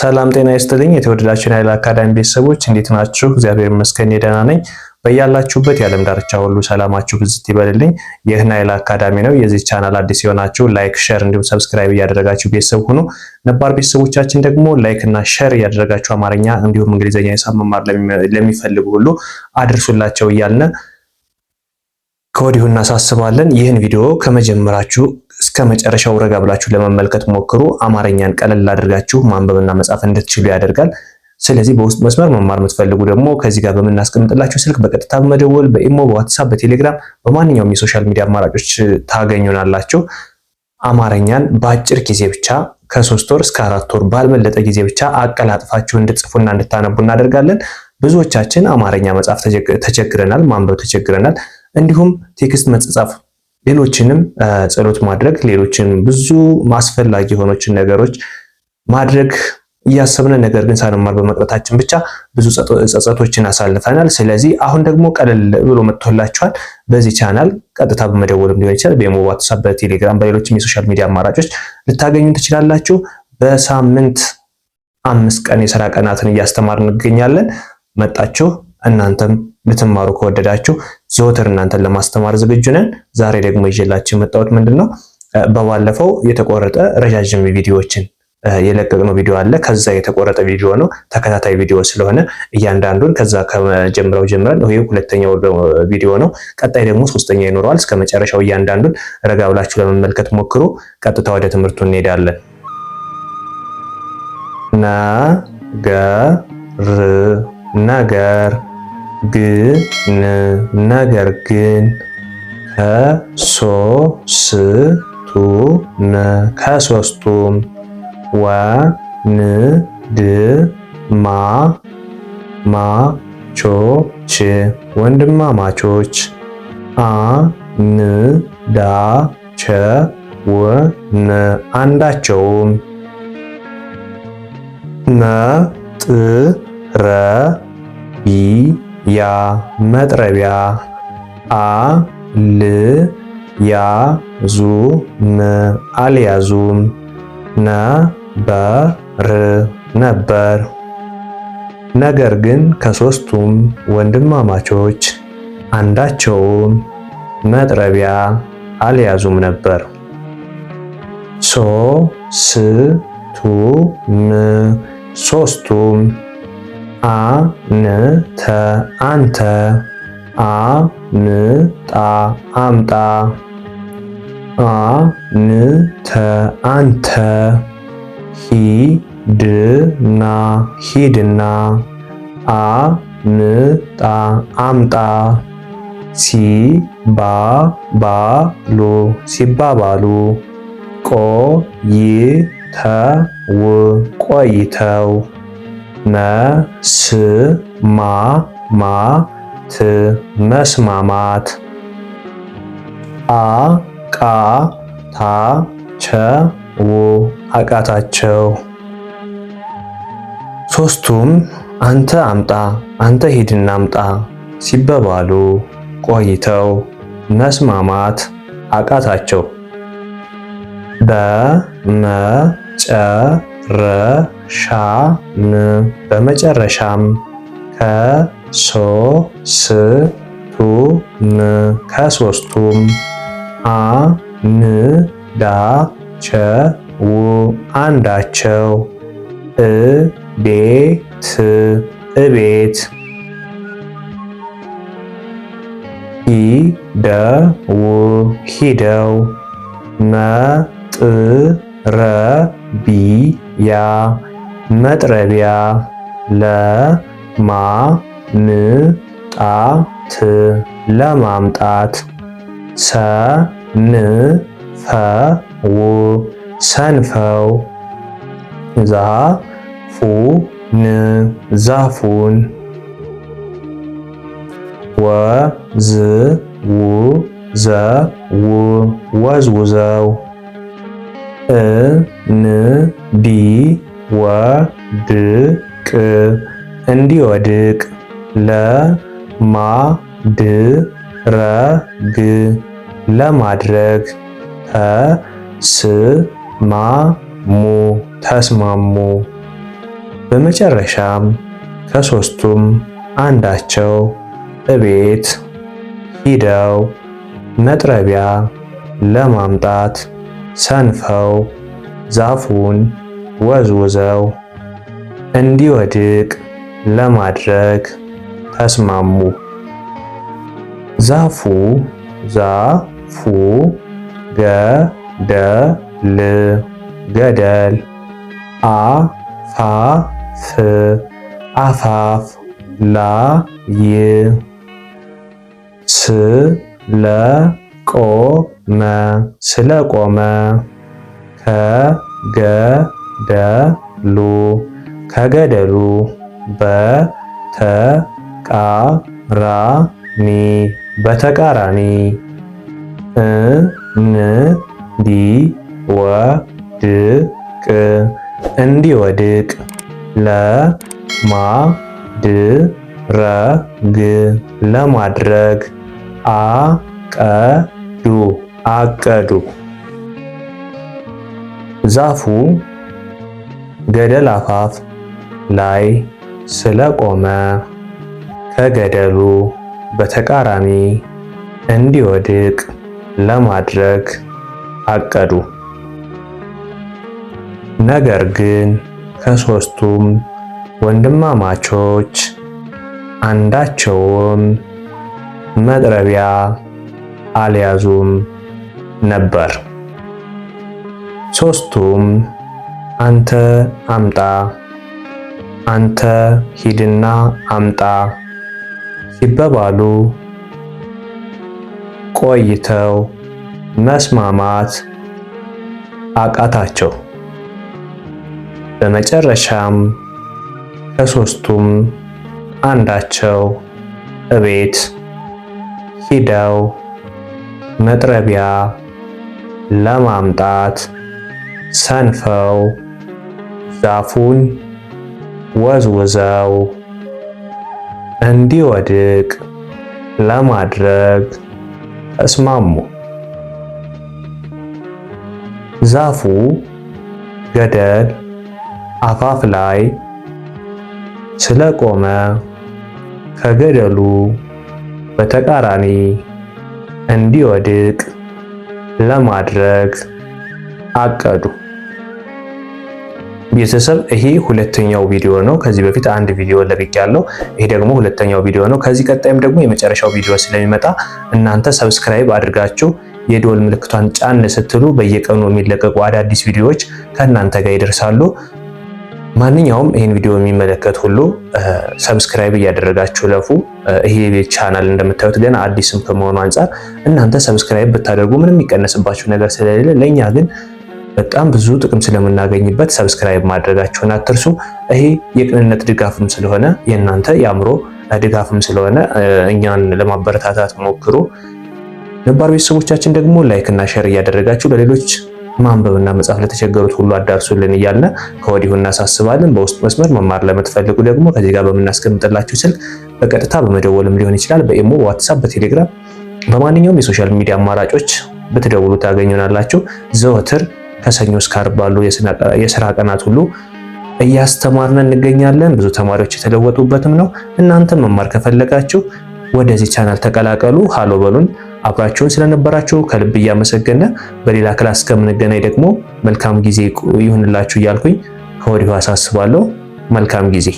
ሰላም ጤና ይስጥልኝ። የተወደዳችሁን የኃይል አካዳሚ ቤተሰቦች እንዴት ናችሁ? እግዚአብሔር ይመስገን ደህና ነኝ። በያላችሁበት የዓለም ዳርቻ ሁሉ ሰላማችሁ ብዝት ይበልልኝ። ይህ ናይል አካዳሚ ነው። የዚህ ቻናል አዲስ የሆናችሁ ላይክ፣ ሸር እንዲሁም ሰብስክራይብ እያደረጋችሁ ቤተሰብ ሁኑ። ነባር ቤተሰቦቻችን ደግሞ ላይክ እና ሸር እያደረጋችሁ አማርኛ እንዲሁም እንግሊዝኛ ሂሳብ መማር ለሚፈልጉ ሁሉ አድርሱላቸው እያልን ከወዲሁ እናሳስባለን። ይህን ቪዲዮ ከመጀመራችሁ እስከ መጨረሻው ረጋ ብላችሁ ለመመልከት ሞክሩ። አማርኛን ቀለል አድርጋችሁ ማንበብና መጻፍ እንድትችሉ ያደርጋል። ስለዚህ በውስጥ መስመር መማር የምትፈልጉ ደግሞ ከዚህ ጋር በምናስቀምጥላችሁ ስልክ በቀጥታ በመደወል በኢሞ፣ በዋትሳፕ፣ በቴሌግራም በማንኛውም የሶሻል ሚዲያ አማራጮች ታገኙናላችሁ። አማርኛን በአጭር ጊዜ ብቻ ከሶስት ወር እስከ አራት ወር ባልበለጠ ጊዜ ብቻ አቀላጥፋችሁ እንድትጽፉና እንድታነቡ እናደርጋለን። ብዙዎቻችን አማርኛ መጻፍ ተቸግረናል፣ ማንበብ ተቸግረናል፣ እንዲሁም ቴክስት መጻጻፍ ሌሎችንም ጸሎት ማድረግ ሌሎችን ብዙ አስፈላጊ የሆኖችን ነገሮች ማድረግ እያሰብን ነገር ግን ሳንማር በመቅረታችን ብቻ ብዙ ጸጸቶችን አሳልፈናል። ስለዚህ አሁን ደግሞ ቀለል ብሎ መጥቶላችኋል። በዚህ ቻናል ቀጥታ በመደወልም ሊሆን ይችላል። በኢሞ በዋትሳፕ፣ በቴሌግራም በሌሎችም የሶሻል ሚዲያ አማራጮች ልታገኙ ትችላላችሁ። በሳምንት አምስት ቀን የስራ ቀናትን እያስተማርን እንገኛለን። መጣችሁ እናንተም ልትማሩ ከወደዳችሁ ዘወትር እናንተን ለማስተማር ዝግጁ ነን። ዛሬ ደግሞ ይዤላችሁ የመጣሁት ምንድን ነው በባለፈው የተቆረጠ ረዣዥም ቪዲዮዎችን የለቀቅነው ቪዲዮ አለ። ከዛ የተቆረጠ ቪዲዮ ነው፣ ተከታታይ ቪዲዮ ስለሆነ እያንዳንዱን ከዛ ከመጀመሪያው ጀምረን ይሄ ሁለተኛው ቪዲዮ ነው። ቀጣይ ደግሞ ሶስተኛ ይኖረዋል። እስከ መጨረሻው እያንዳንዱን ረጋ ብላችሁ ለመመልከት ሞክሩ። ቀጥታ ወደ ትምህርቱ እንሄዳለን። ነገር ነገር ግን ነገር ግን ከሶስቱ ከሶስቱም ወንድማማቾች ወንድማማቾች አንዳቸውን አንዳቸውም ቢ ያ መጥረቢያ አ ል ያ ዙ ም አልያዙም ነ ር ነበር። ነገር ግን ከሦስቱም ወንድማማቾች አንዳቸውም መጥረቢያ አልያዙም ነበር። ሶ ስ ቱ ም ሶስቱም አ ን ተ አንተ አ ን ጣ አምጣ አ ን ተ አንተ ሂ ድ ና ሂድና አ ን ጣ አምጣ ሲ ባ ባ ሉ ሲባባሉ ቆ ይ ተ ው ቆይተው መስማማት መስማማት አቃታቸው አቃታቸው ሶስቱም አንተ አምጣ አንተ ሂድና አምጣ ሲበባሉ ቆይተው መስማማት አቃታቸው በመጨ ረሻን በመጨረሻም ከሶስቱም ከሶስቱም አንዳቸው አንዳቸው እቤት እቤት ሂደው ሂደው መጥ ረቢያ መጥረቢያ ለማምጣት ለማምጣት ሰንፈው ሰንፈው ዛፉን ዛፉን ወዝውዘው ወዝውዘው እንዲ ወድቅ እንዲወድቅ ለማድረግ ለማድረግ ተስማሙ ተስማሙ። በመጨረሻም ከሶስቱም አንዳቸው እቤት ሂደው መጥረቢያ ለማምጣት ሰንፈው ዛፉን ወዝውዘው እንዲወድቅ ለማድረግ ተስማሙ። ዛፉ ዛፉ ገደል ገደል አፋፍ አፋፍ ላይ ስለ ቆመ ስለቆመ ከገደሉ ከገደሉ በተቃራኒ በተቃራኒ እንዲወድቅ እንዲወድቅ ለማድረግ ለማድረግ አቀ አቀዱ። ዛፉ ገደል አፋፍ ላይ ስለቆመ ከገደሉ በተቃራኒ እንዲወድቅ ለማድረግ አቀዱ። ነገር ግን ከሶስቱም ወንድማማቾች አንዳቸውም መጥረቢያ አልያዙም። ነበር። ሶስቱም አንተ አምጣ፣ አንተ ሂድና አምጣ ሲበባሉ ቆይተው መስማማት አቃታቸው። በመጨረሻም ከሶስቱም አንዳቸው እቤት ሂደው መጥረቢያ ለማምጣት ሰንፈው ዛፉን ወዝውዘው እንዲወድቅ ለማድረግ ተስማሙ። ዛፉ ገደል አፋፍ ላይ ስለቆመ ከገደሉ በተቃራኒ እንዲወድቅ ለማድረግ አቀዱ። ቤተሰብ ይሄ ሁለተኛው ቪዲዮ ነው። ከዚህ በፊት አንድ ቪዲዮ ለቅቅ ያለው ይሄ ደግሞ ሁለተኛው ቪዲዮ ነው። ከዚህ ቀጣይም ደግሞ የመጨረሻው ቪዲዮ ስለሚመጣ እናንተ ሰብስክራይብ አድርጋችሁ የዶል ምልክቷን ጫን ስትሉ በየቀኑ የሚለቀቁ አዳዲስ ቪዲዮዎች ከእናንተ ጋር ይደርሳሉ። ማንኛውም ይህን ቪዲዮ የሚመለከት ሁሉ ሰብስክራይብ እያደረጋችሁ ለፉ። ይሄ ቻናል እንደምታዩት ገና አዲስም ከመሆኑ አንጻር እናንተ ሰብስክራይብ ብታደርጉ ምንም የሚቀነስባችሁ ነገር ስለሌለ ለእኛ ግን በጣም ብዙ ጥቅም ስለምናገኝበት ሰብስክራይብ ማድረጋችሁን አትርሱ። ይሄ የቅንነት ድጋፍም ስለሆነ የእናንተ የአእምሮ ድጋፍም ስለሆነ እኛን ለማበረታታት ሞክሩ። ነባር ቤተሰቦቻችን ደግሞ ላይክ እና ሼር እያደረጋችሁ ለሌሎች ማንበብና መጻፍ ለተቸገሩት ሁሉ አዳርሱልን እያለ ከወዲሁ እናሳስባለን። በውስጥ መስመር መማር ለምትፈልጉ ደግሞ ከዚህ ጋር በምናስቀምጥላችሁ ስልክ በቀጥታ በመደወልም ሊሆን ይችላል። በኢሞ፣ በዋትሳፕ፣ በቴሌግራም በማንኛውም የሶሻል ሚዲያ አማራጮች ብትደውሉ ታገኙናላችሁ። ዘወትር ከሰኞ እስከ ዓርብ ባሉ የስራ ቀናት ሁሉ እያስተማርን እንገኛለን። ብዙ ተማሪዎች የተለወጡበትም ነው። እናንተ መማር ከፈለጋችሁ ወደዚህ ቻናል ተቀላቀሉ። ሃሎ በሉን። አብራችሁን ስለነበራችሁ ከልብ እያመሰገነ በሌላ ክላስ ከምንገናኝ ደግሞ መልካም ጊዜ ይሁንላችሁ እያልኩኝ ከወዲሁ አሳስባለሁ። መልካም ጊዜ